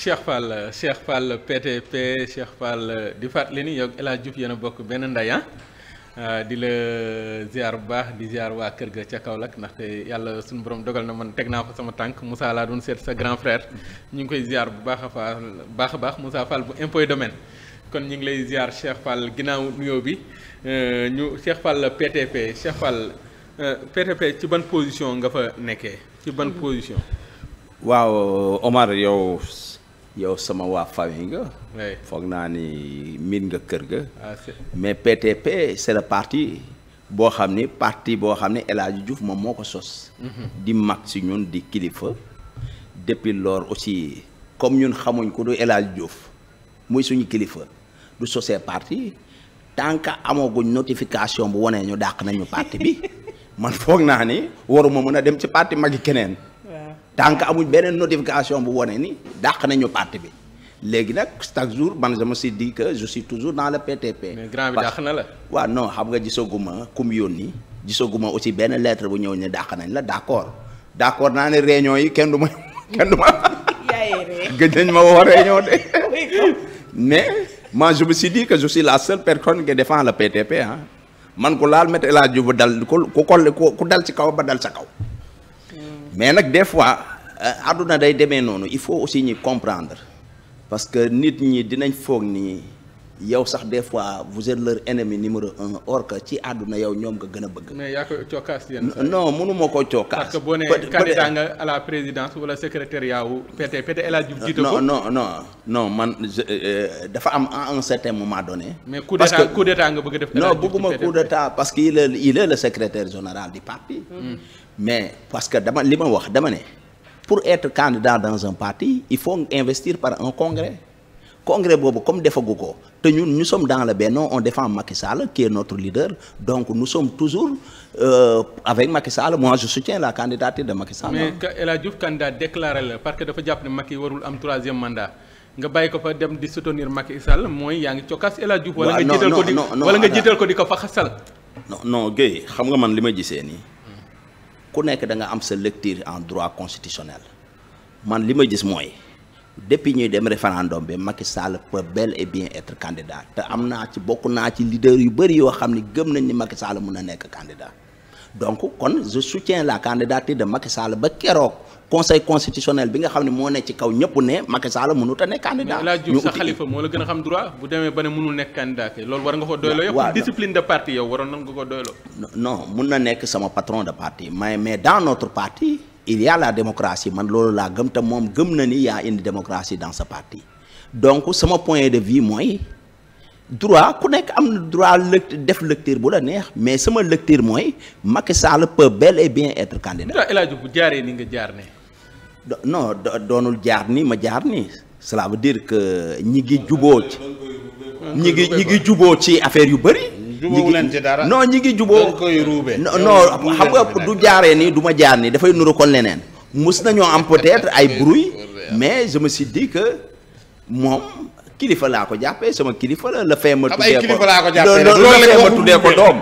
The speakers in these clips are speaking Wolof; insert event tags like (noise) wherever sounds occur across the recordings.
Cheikh Fall Cheikh Fall PTP Cheikh Fall di fàttali ni yow El Hadj yéen bokk benn ndey ah. Ah, di la ziar bu baax di ziar waa kër ga ca Kaolack ndaxte yàlla suñu borom dogal na man teg naa fa sama tànk Moussa laa doon seet sa grand ñu ngi koy ziar bu baax a fa baax a baax Moussa Fall bu impôt domaine kon ñu ngi lay ziar Cheikh Fall ginnaaw nuyoo bi euh, ñu Cheikh Fall PTP Cheikh PTP euh, ci ban position nga fa nekkee. ci ban position. waaw Omar yow. yow sama waa famille nga. oui foog naa ni miin nga kër ga. Ah, mais PTP c'est le boo xam ni parti boo xam ni El Hadj Diouf moom moo ko sos. Mhm. di mag si ñun di kilifa. depuis lors aussi comme ñun xamuñ ko du El Hadj Diouf muy suñu kilifa du sosee parti tant que amooguñ notification bu wanee ñu dàq nañu parti bi (laughs) man foog naa ni waruma mën a dem ci mag yi keneen. tant que amuñ beneen notification bu wane ni dàq nañu parti bi léegi nag chaque jour man je me suis dit toujours dans le PTP. mais grand bi dàq na la. waaw non xam nga gisaguma ku mu yónni gisaguma aussi benn lettre bu ñëw ne dàq nañ la d' accord d' naa ne réunion yi kenn du ma (laughs) kenn du ma. (laughs) gëj nañ ma woo réunion de. (laughs) mais man je me suis dit que je suis la seule personne qui défend le PTP man ku laal météo laaj bu dal ku ku ku dal ci kaw ba dal sa kaw. mais nag des fois euh, àdduna day demee noonu il faut aussi ñu comprendre parce que nit ñi dinañ foog nii yow sax des fois vous êtes leur ennemi numéro un or ci àdduna yow ñoom nga gën a bëgg. mais yaa ko cokkaas yenn saa koo cokkaas. parce que boo nee candidat à la présidence wala secrétariat wu PT PT El Hadj Diouf jiite ko. non non non man euh, dafa am à mais coup d'état coup bëgg def. non bëgguma coup d'état parce que il le secrétaire général du parti. Hmm. mais parce que dama li ma wax dama ne pour être candidat dans un parti il faut investir par un congrès congrès boobu comme defagu ko te ñun ñu sommes dans le benn on défend Macky Sall qui est notre leader donc nous sommes toujours euh, avec Macky Sall moi je soutiens la candidature de Macky Sall. mais El Hadj Diouf candidat déclaré la parce que dafa jàpp ne Macky warul am troisième mandat. nga bàyyi ko fa dem di soutenir Macky Sall mooy yaa ngi cokkaas El Hadj Diouf. wala nga jiital wala nga jiital ko di ko fa xasal. non non Guèye xam nga man li ma gisee nii. ku nekk da nga am sa lecture en droit constitutionnel man li ma gis mooy depuis ñuy dem référendum bi Macky Sall peut bel et bien être candidat te am naa ci bokk naa ci leader yu bëri yoo xam ni gëm nañ ni Macky Sall mun a nekk candidat donc kon je soutiens la candidature de Macky saala ba keroog. conseil constitutionnel bi nga xam ne moo ne ci kaw ñëpp ne Macky Sall mënut a nekk candidat. ñu uti sa xalifa moo a xam droit bu ba ne mënul nekk candidat war nga ko doyloo. waaw yokk discipline de parti na nekk sama patron de parti mais mais dans notre parti il y la démocratie man loolu laa gëm te moom gëm na ni yaa indi démocratie dans ce parti donc sama point de vie mooy. droit ku nekk am na droit def lecture bu la neex mais sama lecture mooy Macky Sall peut et bien être candidat. El Hadj bu jaaree ni nga jaar ne. non doonul jaar nii ma jaar nii cela veut dire que ñi ngi juboo ci ñi ngi ñi ngi juboo ci affaire yu bari jubóowu leen ci dara non ñi ngi juboo koy ruubee xam nga du jaaree nii duma jaar nii dafay nuru kon leneen mus nañoo am peut-être ay bruit mais je me que moom kilifa laa ko jàppee sama kilifa la la fee ma tuddee ko loolu la fee ma tuddee ko doom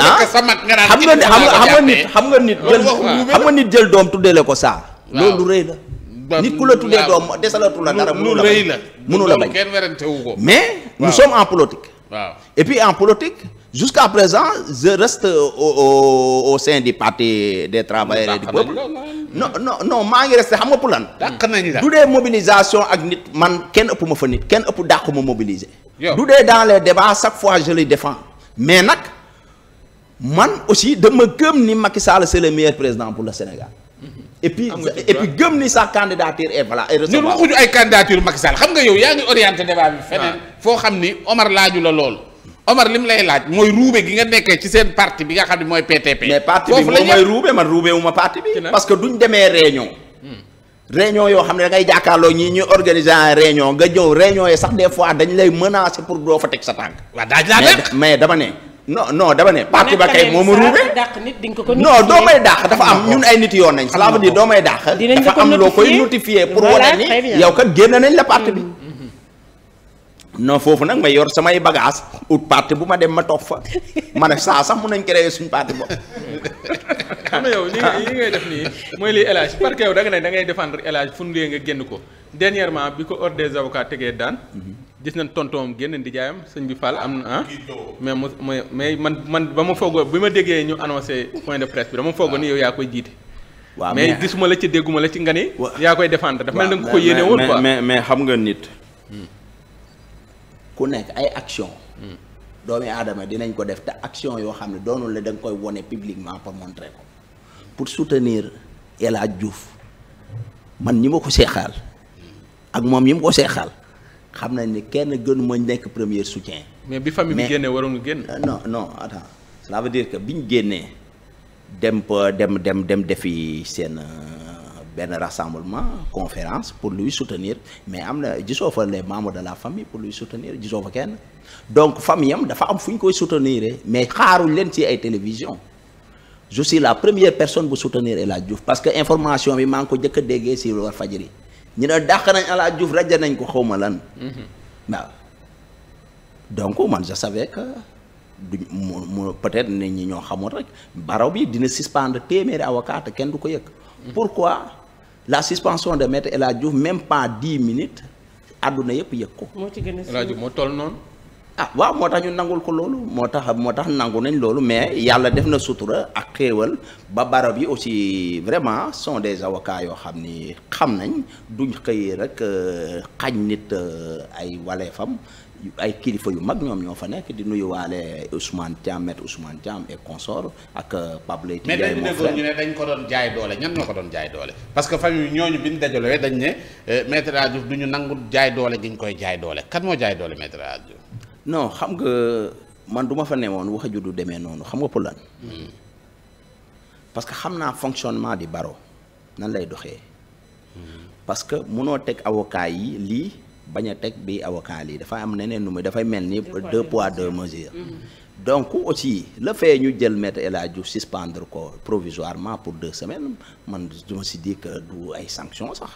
ah xam nga xam nga nit xam nga nit jël xam nga doom tuddee ko saa loolu rëy la. nit ku la tuddee doom desalatu la dara. mënu la rëy la mënu mais nous sommes en politique. et puis en politique. jusqu'à présent je reste au au sein du parti des travailleurs et du peuple non non non maa ngi resté xam nga pour lan. dàq nañ la du dee mobilisation ak nit man kenn ëpp ma fa nit kenn ëpp dàq ma mobiliser. du dee dans les débats chaque fois je les défends mais nag man aussi dama gëm ni Macky Sall c'est le meilleur président pour le Sénégal. Mm-hmm. et puis et puis gëm ni sa candidature est voilà et recevable. ñun waxuñu ay candidature Macky xam nga yow yaa ngi orienté débat bi. feneen foo xam ni Omar laaju la lool. Omar lim lay laaj mooy ruube gi nga nekkee ci seen parti bi nga xam ne mooy PTP. mais parti bi moom mooy ruube man ruube wu bi. parce que duñ demee réunion. Hmm. réunion yoo xam ne da ngay jàkkaarloo ñii ñuy organiser en nga ñëw réunion yi sax des fois dañ lay menacer pour doo fa teg sa mais dama ne. non non dama ne parti ba kay moom a ruube non doo may dàq dafa am ñun ay nit yoon nañ cela veut dire doo may dàq dafa am loo koy notifié pour wane ni yow kat génn nañ la parti bi mm-hmm. non foofu nag ma yor samay bagage ut parti bu ma dem ma toog fa ma ne saa sax mun nañ créer suñ parti bopp xam na yow li li def nii mooy lii élage parce que yow da nga ne da ngay nga génn ko dernièrement bi ko ordre des avocats tegee daan mm-hmm. gis nañ tontoom génn di jaayam sëñ bi Fall am na ah. mais mu mais man man ba ma foogoo bi ma déggee ñu annoncé point de presse bi dama foogoo ni yow yaa koy jiite. mais gisuma la ci dégguma la ci nga ni. yaa koy défendre dafa mel ni nga ko yéene woon quoi mais mais xam nga nit. Hmm. ku nekk ay action hmm. doomi aadama dinañ ko def te action yoo xam ne doonul la da nga koy wone publiquement pour montrer ko pour soutenir El Hadj Diouf man ñi ma ko seexaal ak moom ñi ma ko seexaal xam nañ ni kenn gënu ma nekk premier soutien. mais bi famille bi génnee waroon nga génn. Euh, non no attends cela veut dire que bi ñu génnee dem dem dem dem defi seen euh, benn rassemblement conférence pour lui soutenir mais am na gisoo fa les membres de la famille pour lui soutenir gisoo fa kenn donc famille am dafa am fu ñu koy soutenir mais xaaruñ leen ci ay télévision je la première personne bu soutenir El Hadj Diouf parce que information bi maa ngi ko njëkk a déggee si Walfadjri ñu ne dàq nañ El jouf Diouf rajo nañ ko xawma ma lan. Mhm. waaw donc man je savais que mu mu peut-être nit ñi ñoo xamul rek barab bi dina suspendre téeméeri avocat te kenn du ko yëg. Mhm. pourquoi la suspension de maître El Hadj Diouf même pas dix minutes àdduna yëpp yëg ko. moo ci gën moo toll noonu. ah waaw moo tax ñu nangul ko loolu moo tax moo tax nangu nañ loolu mais yàlla def na sutura ak xéewal ba barab yi aussi vraiment son des avocats yoo xam ni xam nañ duñ xëy rek euh, xañ nit euh, ay waleefam ay kilifa yu mag ñoom ñoo fa nekk di nuyuwaale Ousmane Thiam maître Ousmane Thiam et consort ak euh, Pape Leyti mais dañu déggoon ñu ne dañ ko doon jaay doole ñan ñoo ko doon jaay doole parce que famille ñooñu bi ñu dajaloo dañ ne maître Diouf du nangu jaay doole gi ñu koy jaay doole kan jaay doole maître non xam nga man du ma fa newoon wax ju du demee noonu xam nga pour lan. parce que xam naa fonctionnement di baro nan lay doxee. parce que munoo teg avocat yi lii bañ a teg bii avocat lii dafa am neneen nu muy dafay mel ni. deux poids deux mesures. Mm-hmm. donc aussi la fait ñu jël maître El Hadji Diouf suspendre ko provisoirement pour deux semaines man du ma si di que du ay sanctions sax.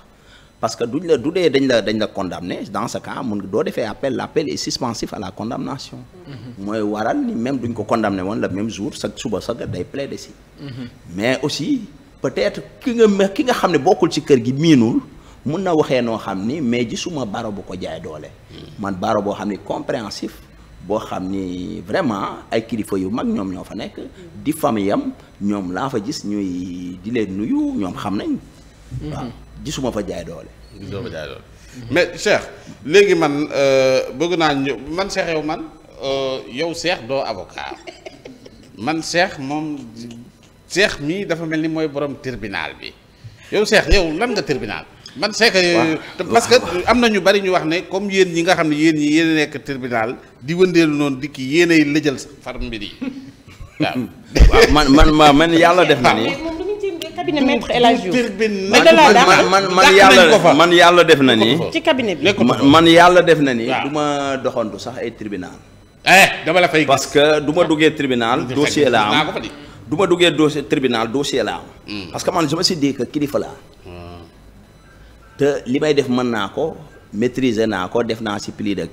parce que duñ la du dee dañ la dañ la condamné dans ce cas mun doo defee appel l' appel est suspensif à la condamnation. Mhm. mooy waral ni même duñ ko condamné woon la même jour sa suba sa day de si. Mhm. mais aussi peut-être ki nga ki nga xam ne bokkul si kër gi miinul. mun na waxee noo xam ni mais gisuma baro bu ko jaay doole mhm. man baro boo xam ni compréhensif boo xam ni vraiment ay kilifa yu mag ñoom ñoo fa nekk di famille am ñoom laa fa gis ñuy di leen nuyu ñoom xam nañ gisuma fa jaay doole. gisuma fa mais Cheikh léegi man euh, bëgg naa man Cheikh yow man euh, yow Cheikh doo avocat man Cheikh moom Cheikh mii dafa mel ni mooy borom tribunal bi yow Cheikh yow lan nga tribunal. man c'est euh, te parce que am na ñu bari ñu wax ne comme yéen ñi nga xam ne yéen ñi yéen nekk tribunal di wëndeelu noonu dikki yéenay lëjal far mbir yi (laughs) waaw. man man man yàlla def na ni. (laughs) cabinet maître El man man yàlla man yàlla def na ni. ci cabinet bi man yàlla def na ni. du ma doxantu sax ay tribunal. Eh, dama la parce que du ma duggee tribunal dossier la am du ma duggee dossier tribunal dossier la am. Hmm. parce que man je me suis kilifa laa. Hmm. te li may def mën naa ko maîtriser naa ko def naa si plus de.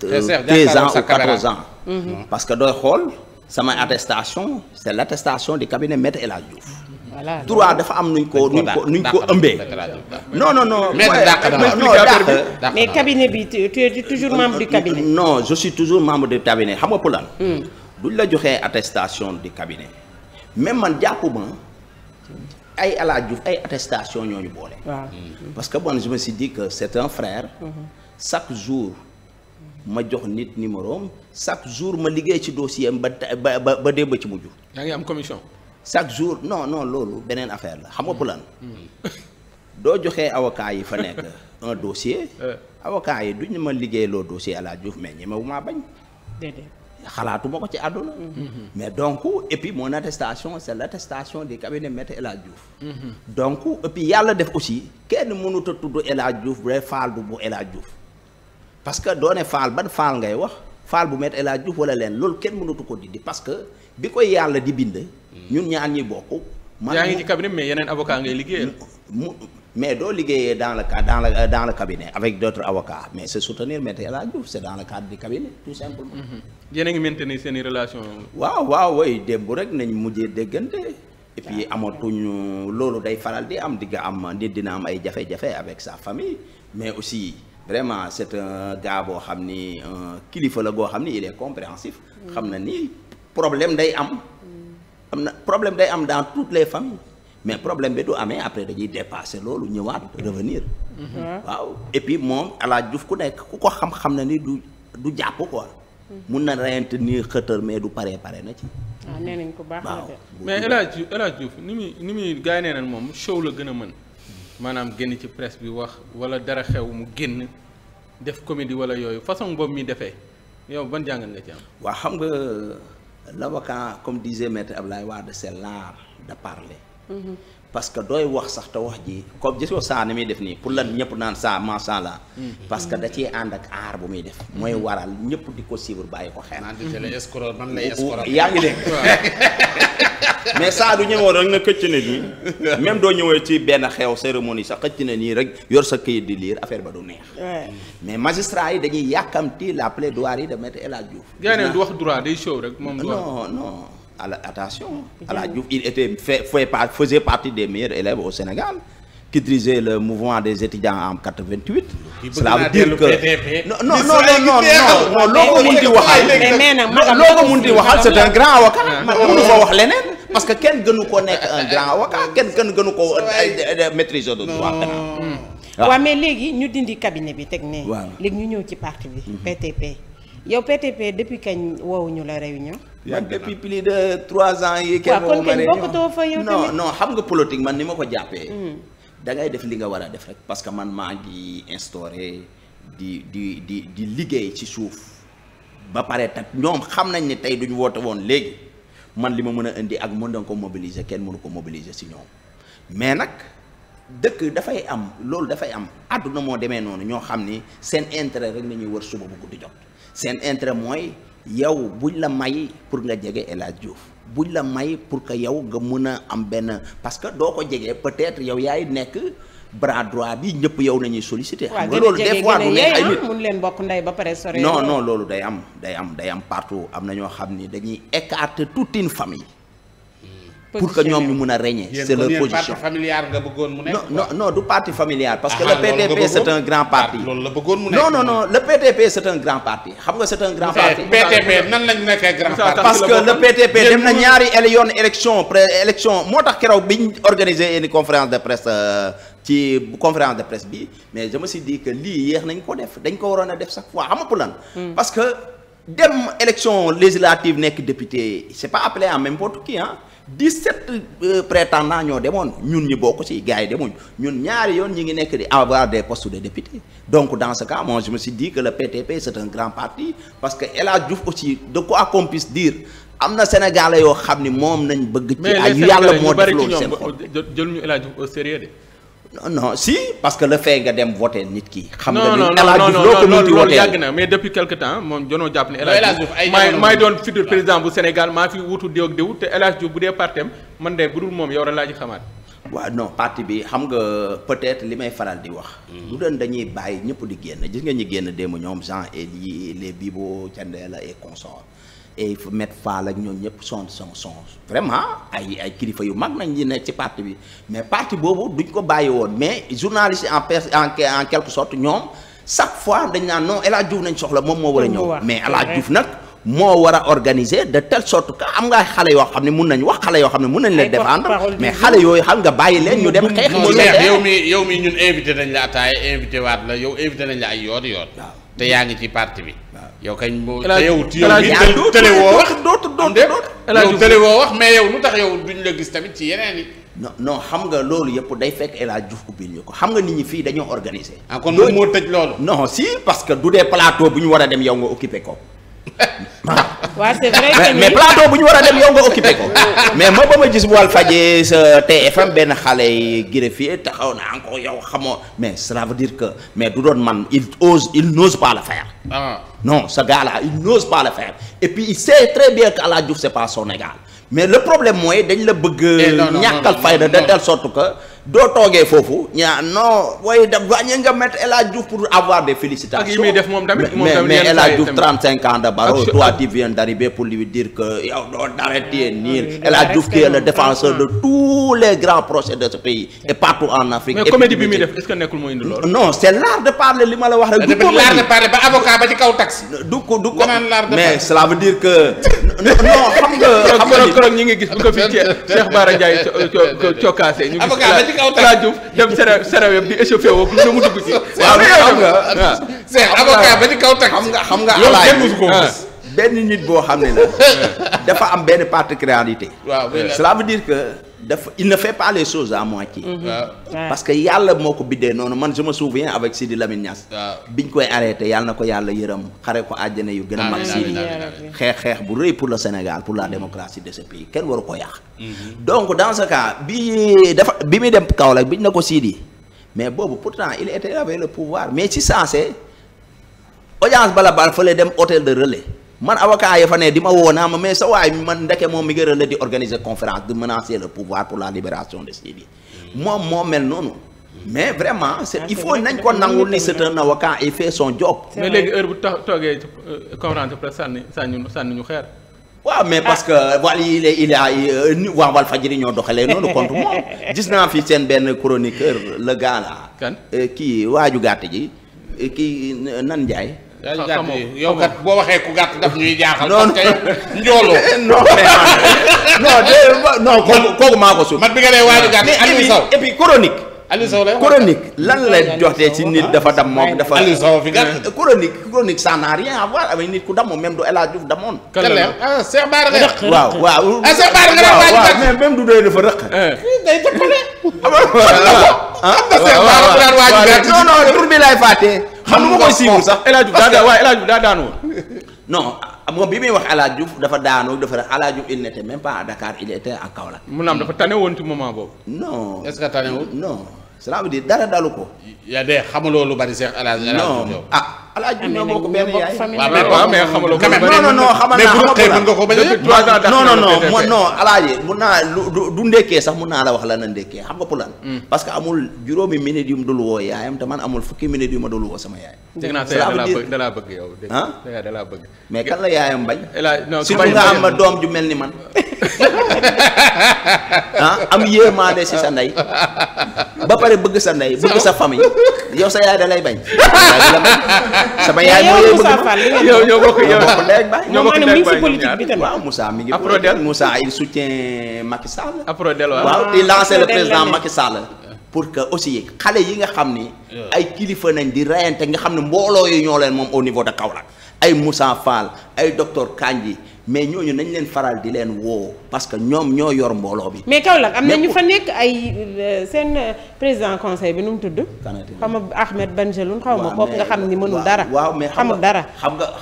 treize eh, ans ou quatorze ans. Hmm. parce que dooy xool samay attestation c' est l' attestation du cabinet maître El Hadj Diouf. droit dafa am nuñ ko nuñ ko nuñ ko ëmbee. non non non. mais dàq mais cabinet bi tu es toujours euh, membre du cabinet. Euh, non je suis toujours membre du cabinet xam nga plan. duñ hmm. la joxee attestation du cabinet même man jàpp ma ay El Hadj Diouf ay attestation ñoo boole. Hmm. parce que bon je me suis que c' est un frère. Hmm. chaque jour ma jox nit numéro am chaque jour ma liggéey ci dossier am ba ba ba démb ci mujj. yaa ngi am commission. chaque jour non non loolu beneen affaire la xam nga mm. pour lan mm. doo joxee avocat yi fa nekk un dossier (laughs) eh. avocat yi duñu ma liggéey loo dossier Alaaji Diouf mais ñi ma bu maa bañ xalaatuma ko ci àdduna mm-hmm. Mm-hmm. mais donc et puis mon attestation c'est l'attestation du cabinet mm-hmm. yàlla def aussi kenn mënut a tudd El Hadj Diouf bu dee faal bu bu El Hadj Diouf parce que doone faal ban faal ngay wax faal bu maître El Hadj leen loolu kenn mënatu ko dindi parce que bi koy yàlla di bind ñun ñaan ñi bokk. man yaa ngi ci cabinet mais yeneen avocat ngay liggéey mu mais doo liggéeyee dans le cas dans le euh, dans le cabinet avec d' autres avocats mais c' est soutenir Maître El Hadji Diouf c' est dans le cadre du cabinet tout simplement. Mm-hmm. yéen a ngi maintenir seen i waaw waaw way démb rek nañ mujjee déggante. et puis amatuñu loolu day faral di am di am nit dina am ay jafe-jafe avec sa famille mais aussi vraiment c' est un gars boo xam ni kilifa la boo xam ni il est compréhensif. Mm. xam na ni problème day am. Mm. am na problème day am dans toutes les familles mais problème bi du amee après dañuy dépasser loolu ñëwaat revenir mm-hmm. waaw et puis moom alaaj Diouf ku nekk ku ko xam-xam na ni du du jàpp quoi mm-hmm. mun na reyante nii xëtër mais du paree pare na ci ah, nañ ko baax na mais El Hadj El Hadj Diouf ni muy ni muy gars nee nañ moom show la gën a mën maanaam génn ci presse bi wax wala dara xew mu génn def comédie wala yooyu façon boobu mi defee yow ban jàngat nga ci am waaw xam nga la l'avocat comme disait maître Abdoulaye Wade c'est l'art de parler. Mm-hmm. parce que dooy wax sax te wax ji comme gisoo saa ni muy def nii pour lan ñëpp naan saa macha allah. Hmm. parce que da ci ànd ak aar bu muy def. mooy hmm. waral ñëpp di ko suivre bàyyi ko xel. naan di jëlee hmm. escroc man lay escroc yaa ngi dégg (laughs) mais saa du ñëwoon rek nga xëcc na nii même doo ñëwee ci benn xew cérémonie sax xëcc na nii rek yor sa këyit di liir affaire ba du neex. mais magistrat yi dañuy yàkkamti la plaidoirie de maître El Hadj Diouf. gars du wax droit day show rek moom. non non. à la, attention, il était, fait, fait, faisait partie des meilleurs élèves au Sénégal qui dirigeait le mouvement des étudiants en 88. Cela veut dire que non non non non non loo ko mun di waxal loo ko waxal c'est un grand avocat mënu ko wax leneen parce que kenn gënu ko nekk un (laughs) grand avocat kenn kenn gënu ko maîtrise de droit pénal mais léegi ñu dindi cabinet bi teg ne léegi ñu ñëw ci parti bi PTP mhm. yow PTP depuis kañ woowuñu la réunion. yàgg na depuis plus de trois ans yi. kenn woowu ma réunion fa yow tamit non non xam nga politique man ni ma ko jàppee. Hmm. dangay def li nga war a def rek parce que man maa ngi instauré di di di di liggéey ci suuf. ba pare tak ñoom xam nañ ni tey duñu woote woon léegi man li ma mën a indi ak mën danga ko mobiliser kenn mënu ko mobiliser si ñoom mais nag dëkk dafay am loolu dafay am àdduna moo demee noonu ñoo xam ni seen intérêt rek nañuy wër suba bu guddi jot seen intérêt mooy yow buñ la may pour nga jege El Hadj Diouf buñ la may pour que yow nga mun a am benn parce que doo ko jegee peut-être yow yaay nekk bras droit bi ñëpp yow nañuy solliciter. xam nga loolu des fois du neex ah, mun leen bokk ndey ba pare sore non non loolu day am day am day am partout am na ñoo xam ni dañuy écarter tout une famille. pour que ñoom ñu mun a régner c'est leur position parti familial nga bëggoon mu nekk non non du parti familial parce que ah, le PDP c'est un grand parti ah, loolu la bëggoon mu nekk non non non le PDP c'est un grand parti xam nga c'est un grand parti PDP nan lañ nekkee grand parti parce que le PDP dem na ñaari yoon élection pré élection moo tax keroog biñ organiser une conférence de presse euh, ci conférence de presse bi mais je me suis dit que lii yéex nañ ko def dañ ko waroon a def chaque fois xama lan hmm. parce que dem élection législative nekk député c'est pas appelé à n'importe qui hein dix-sept euh, prétendants ñoo demoon ñun ñi bokk ci gars yi demuñ ñun ñaari yoon ñi ngi nekk di avoir des postes de député donc dans ce cas moi je me suis dit que le PTP c'est un grand parti parce que El Hadj Diouf aussi de quoi qu'on puisse am na Sénégalais yoo xam ni moom nañ bëgg ci ay yàlla moo def loolu seen xol jël ñu El Hadj Diouf au non non si parce que le fait nga dem voté nit ki. xam nga ni El Hadj Diouf loo yàgg na mais depuis quelque temps moom jonoo jàpp ne. El Hadj Diouf ay jamono doon futur ah. président bu Sénégal maa fi wutu diw ak bu dee partem man de budul moom yow rek laa ci xamaat. waaw non parti bi xam nga peut-être li may faral di wax. lu hmm. doon dañuy bàyyi ñëpp di génn gis nga ñu génn démb ñoom Jean et les Bibo Thiendella et consorts. et met Fall ak ñoom ñëpp son son son vraiment ay ay kilifa yu mag nañ ñi nekk ci parti bi mais parti boobu duñ ko bàyyi woon mais journaliste en per en quelque sorte ñoom chaque fois dañ naan non El Hadj nañ soxla moom moo war a ñëw mais El Hadj Diouf nag moo war a organiser de telle sorte que am nga xale yoo xam ne mun nañ wax xale yoo xam ne mun nañ leen défendre mais xale yooyu xam nga bàyyi leen ñu dem xeex mu leer yow mi yow mi ñun nañ la ataaya invité waat la yow invité nañ la ay yoon yoon te yaa ngi ci parti bi yow kañ moo te yow yow mii télé woo wax dootul dootul dootul. yow télé woo wax mais yow lu tax yow duñ la gis tamit ci yeneen yi. non non xam nga loolu yëpp day fekk El Hadj Diouf ubbil ñu ko xam nga nit ñi fii dañoo organiser. ah kon moom moo tëj loolu. non si parce que du dee palaato bu ñu war a dem yow nga occupé ko. (laughs) waaw c'est mais plateau bu ñu war a dem yow nga occupé ko mais ma ba ma gis wàll fajee sa TFM benn xale yi greffier taxaw na encore yow xamoo mais cela veut dire que mais du doon man il ose il n'ose pas le faire. Ah. non ce gars-là il n'ose pas la faire et puis il sait très bien que Ala Diouf c'est pas son égal mais le problème mooy dañ la bëgg. Eh, ñàkkal fayda de telle sorte que. doo toogee foofu ñaa non waaye da wàññi nga mettre El Hadj Diouf pour avoir des félicitations. yi muy def moom tamit mais mais El Hadj Diouf 35 ans de barreau toi tu viens d'arriber pour lui dire que yow doo dara téye niil El Hadj Diouf qui est le défenseur de tous les grands projets de ce pays et partout en Afrique. mais comédie bi muy def est-ce que nekkul moo non c'est l'art parler li ma la wax rek. du comédie l'art de parler ba avocat ba ci kaw taxi. du ko du ko mais cela veut dire que. non xam (laughs) ngi gis aw Talla Diouf dem sere sere yëpp di échauffé woo lu ne mu dugg ci. (laughs) waaw xam nga waaw avocat ba ci kaw teg xam nga xam nga. alaay ah. benn nit boo xam ne la. (laughs) dafa am benn particularité. waaw cela veut dire que. dafa il ne fait pas les choses à moitié. Mhm. Ah. parce que yàlla moo ko biddee noonu man je me souviens avec Sidi Lamine Niass. Ah. biñ koy arrêté yàlla na ko yàlla yërëm xare ko àjjana yu gën mag. Sidi xeex xeex bu rëy pour le Sénégal pour la mhm. démocratie de ce pays kenn waru ko yàq. Mhm. donc dans ce cas bi dafa bi muy dem bi ñu na ko Sidi mais boobu temps il était avec le pouvoir mais si sensé audience bala bal fële dem hôtel de relais. man avocat ya fa ne di ma woo naa ma mais sa waay man ndeke moom mi ngi rële di organiser conférence de menacer le pouvoir pour la libération de Sidy moom moo mel noonu mais vraiment c'est ah, il faut nañ ko nangul ni c'est un avocat il fait job. mais léegi heure bu tax toogee euh, conférence de presse sànni sànni ñu xeer. waaw mais parce que wal yi la il a euh, waa Walfadjri ñoo doxalee noonu contre moom gis naa fi seen benn chroniqueur la gars là. kan euh, kii waaju gàtt ji kii nan Ndiaye. yow kat boo waxee ku gàtt daf ñuy jaaxal. non njooloo. non (laughs) non non kooku maa ko suuf. man bi nga dee waaju gàtt Aliou Sow et puis chronique. Aliou Sow lay chronique lan lay joxtee ci nit dafa dam moom dafa. Aliou Sow fi gàtt euh, chronique chronique ça n'a rien à voir avec nit ku damm même du El Hadj Diouf damoon. kan la ah Cheikh Bara nga rëq. waaw waaw ah Cheikh Bara nga rëq waaju gàtt mais même du doy dafa rëq. Eh. day jëppale. (laughs) ah waaw waaw gàtt non non tur bi laay fàttee. xam nu ma koy siiwul sax El Hadj Diouf waaye El daa daanu woon. non moom bi muy wax El Hadj Diouf dafa daanoo dafa El Hadj Diouf il n'était même pas à Dakar il mu naam dafa tane woon ci moment boobu. non est-ce que tane woon non. cela veut dire dara dalu ko. y a xamuloo lu bari Cheikh El Hadj. non alaaji ñoo bokk benn yaay waaw mais xamaloo ko non non non xamal naa non non non non alaaji mun naa lu du ndékkee sax mun naa la wax la na ndékkee xam nga pulaan hmm. parce que amul juróomi minute yu mu dul woo yaayam te man amul fukki minute yu ma dul woo sama yaay dégg naa tey da laa bëgg yow ah da laa bëgg mais kan la yaayam bañ surtout nga am ma doom ju mel ni man ah (laughs) am yéemaane si sa ndey ba pare bëgg sa ndey bëgg sa famille yow sa yaay da lay bañ. sama yaay moo lay bëgg yow yow ñoo bokk léegi ba politique bi tam waaw Moussa mi ngi. Aprodel Moussa il soutient Macky Sall. Aprodel waaw pour que aussi xale yi nga xam ni. ay kilifa nañ di reyante nga xam ne mbooloo yi ñoo leen moom au niveau de Kaolack ay Moussa Fall ay kaañ Kandji. mais ñooñu nañ leen faral di leen woo parce que ñoom ñoo yor mbooloo bi. mais Kaolack am na ñu fa nekk ay euh, seen euh, président conseil bi nu mu tudd. xam nga Ahmed Benjeloun xaw ma kooku nga xam ni mënul dara. waaw mais xam nga dara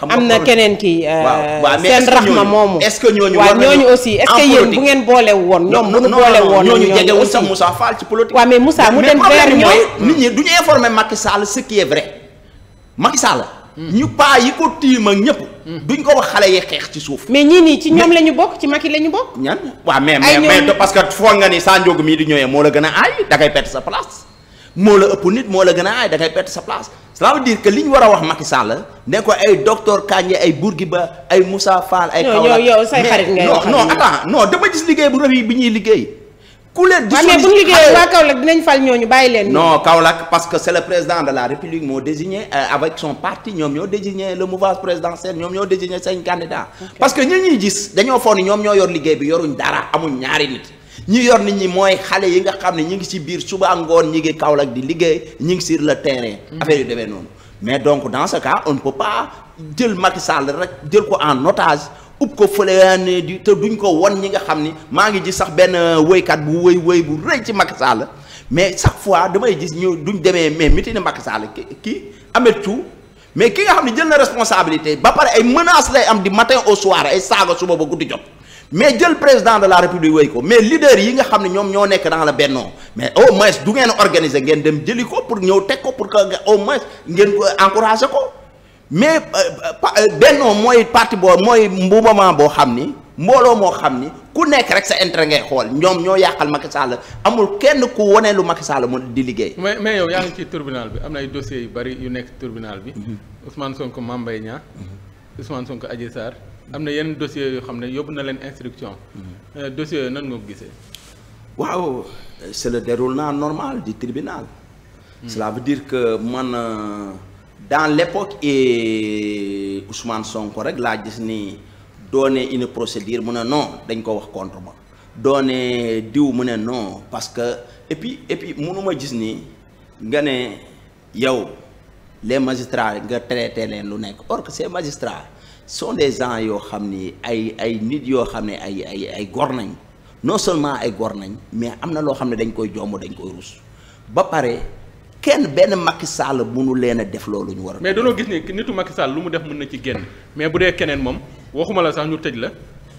am na keneen kii. waaw euh, seen raxma moomu. est-ce que ñooñu war nañu aussi est-ce que yéen bu ngeen boole woon. ñoom bu ñu boole woon ñooñu jegewul sax Moussa Fall ci politique. waaw mais Moussa mu dem vers ñoom mais problème mooy nit ñi du ñu informer Macky Sall ce qui est vrai Macky Sall ñu paa yi ko tiim ak ñëpp. duñ ko wax xale yi xeex ci suuf. mais ñii nii ci ñoom la ñu bokk ci Macky la ñu bokk. ñan waaw mais mais parce que foog nga ni saa njóog mii di ñëwee moo la gën a aay da ngay perte sa place. moo la ëpp nit moo la gën a aay da ngay perte sa place cela veut dire que li ñu war a wax Macky Sall la ne ko ay docteur Kandji ay ba ay Moussa Fall. ay Kaolack non yow yow say ngay wax non non attends non dama gis liggéey bu rëy bi ñuy liggéey. ku leen. di mais bu ñu liggéeyee waa Kaolack dinañ fal bàyyi leen. non Kaolack parce que c' est le président de la République moo désigné euh, avec son parti ñoom ñoo désigné le mouvance présidentielle ñoom ñoo désigné seen candidat. parce que ñi gis dañoo foog ni ñoom ñoo yor liggéey bi yoruñ dara amuñ ñaari nit. ñi yor nit ñi mooy xale yi nga xam ne ñi ngi si biir suba ngoon ñi ngi Kaolack di liggéey ñi ngi sur le terrain. Mm. affaire yu demee noonu. mais don dans ce cas on ne peut pas jël rek jël ko en otage. ub ko fëleyaane di te duñ ko won ñi nga xam ni maa ngi gis sax benn euh, woykat bu woy woy bu rëy ci Macky Sall mais chaque fois damay gis ñu duñ demee mais mitin Macky Sall kii Ameth Thiou mais ki nga xam ne jël na responsabilité ba pare ay menaces lay am di matin au soir ay saaga suba ba guddi jot mais jël président de la république woy ko mais leader yi nga xam ne ñoom ñoo nekk dans la bennoo mais au moins du ngeen organiser ngeen dem jëli ko pour ñëw teg ko pour que au moins ngeen encouragé ko mais euh, euh, euh, Benno mooy parti boo mooy mouvement boo xam ni mbooloo moo xam ni ku nekk rek sa intérêt ngay xool ñoom ñoo yàqal Macky Sall amul kenn ku wane lu Macky Sall mu di liggéey. mais mais yow yaa ngi ci tribunal bi am na ay dossiers yu bari yu nekk tribunal bi. Mhm. Ousmane Sonko Mame Mbaye Niang. Mhm. Ousmane Sonko Adji Sarr. am na yenn dossiers yoo xam ne yóbbu na leen instruction. Mhm. dossiers yooyu nan nga ko gisee. waaw c'est le déroulement normal du tribunal. Hmm. cela veut dire que man. dans l'époque et Ousmane sonk rek laa gis ni doone une procédure mu ne non dañ ko wax contre ma doone diw mu ne non parce que et puis et gis nii nga ne yow les magistrats nga traité leen lu nekk or que ces magistrats sont des gens yoo xam ni ay ay nit yoo xam ne ay ay ay gor nañ non seulement ay gor nañ mais am na loo xam ne dañ koy jomb dañ koy rus ba pare kenn benn Macky Sall munu leen a def loolu ñu war a. mais danoo gis ne nitu Macky Sall lu mu def mën na ci génn mais bu dee keneen moom waxuma la sax ñu tëj la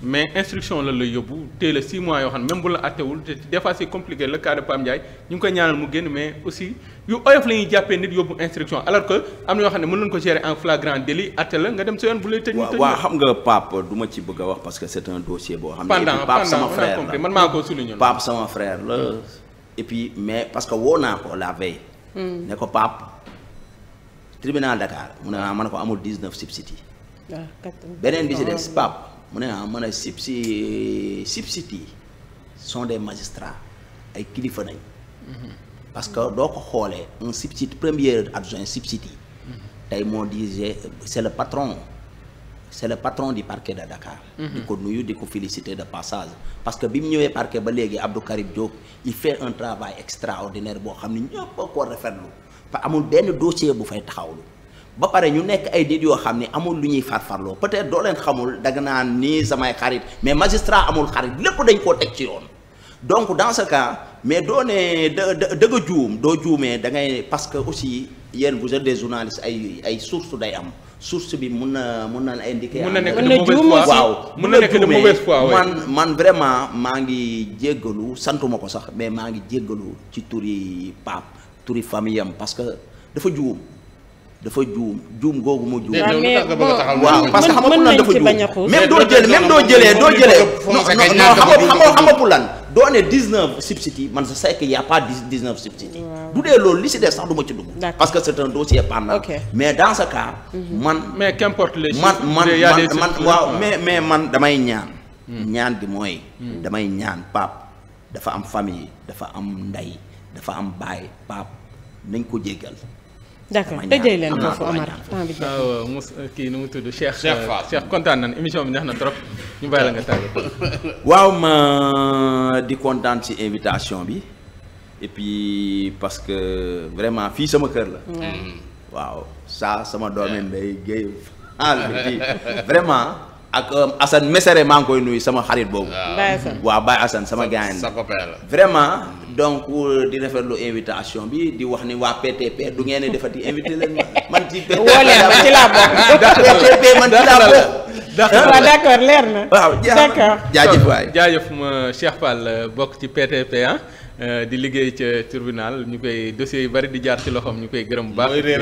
mais instruction la lay yóbbu tey la 6 mois yoo xam ne même bu la àttewul te des fois c'est compliqué le cas de Pam Ndiaye ñu ngi koy ñaanal mu génn mais aussi yu oyof la ñuy jàppee nit yóbbu instruction alors que am na yoo xam ne mën nañu ko gérer en flagrant délit àtte la nga dem sa yoon bu lay tëj. ñu tëj waaw xam nga Pape du ma ci bëgg a wax parce que c'est un dossier boo xam ne. Pape sama frère la pendant pendant man maa ko souligné. Pape sama frère la hmm. et puis mais parce que woo naa ko la veille Hmm. ne ko paap tribunal Dakar mu ne ah mën a ko amul 19 subsides yi beneen bi si de ah. paap mu ne ah mën a subsi subsides yi sont des magistrats ay kilifa nañ hmm. parce que doo ko xoolee un subside premier adjoint subsides yi hmm. tey moo dirigé c'est le patron c'est le patron du parquet de Dakar. Mhm. di ko nuyu di ko féliciter de passage. parce que bi mu ñëwee parquet ba léegi Abdou Karim Diop il fait un travail extraordinaire boo xam ni ñëpp a ko rafetlu te amul benn dossier bu fay taxawlu. ba pare ñu nekk ay nit yoo xam ne amul lu ñuy farfarloo peut-être doo leen xamul danga naan nii samay xarit mais magistrat amul xarit lépp dañ koo teg ci yoon. donc dans ce cas mais doo ne da da juum doo juumee da ngay parce que aussi yéen vous êtes des journalistes ay ay sources day am. source bi mun na mun na indiqué. mun na nekk de mauvaise mun na nekk de mauvaise man man vraiment maa ngi jéggalu santuma ko sax mais maa ngi jéggalu ci turi paap turi famille am parce que dafa juum dafa juum juum googu mu juum. waaw parce que xam dafa juum même doo jëlee même doo jëlee doo jëlee. non non lan. doo ne 19 substituts man sa sais que y' a du dee loolu li si des sax du ma ci dugg. parce que c' est un dossier pendant. Okay. mais dans ce cas. Mhm. man mais man waaw mais mais man damay ñaan. Hmm. ñaan bi mooy. Hmm. damay ñaan pap dafa am famille dafa am ndey dafa am baay pap nañ ko jéggal. d'accord tëjee leen foofu Omar temps bi. Ah, kii nu mu tudd Cheikh. Cheikh euh, Fall Cheikh kontaan nañ émission bi neex na trop. ñu bàyyi la nga tàggatoo. waaw ma di kontaan ci invitation bi et parce que vraiment fii sama kër la. Mm-hmm. waaw saa sama doomi ndey Guèye Fall vraiment. ak euh, Assane Mesere maa ngi koy nuyu sama xarit boobu. Ah. waaw Baye Assane sama gaañ la vraiment donc euh, di rafetlu invitation bi di wax ni waa PTP du ngeen defati invité leen man ci PTP woo leen man ci laa bokk PTP man bokk leer na waaw d'accord jaajëf waay jaajëf ma Cheikh Fall bokk ci PTP ah euh, di liggéey ca tribunal ñu koy dossiers yu bari di jaar ci loxoom ñu koy gërëm bu baax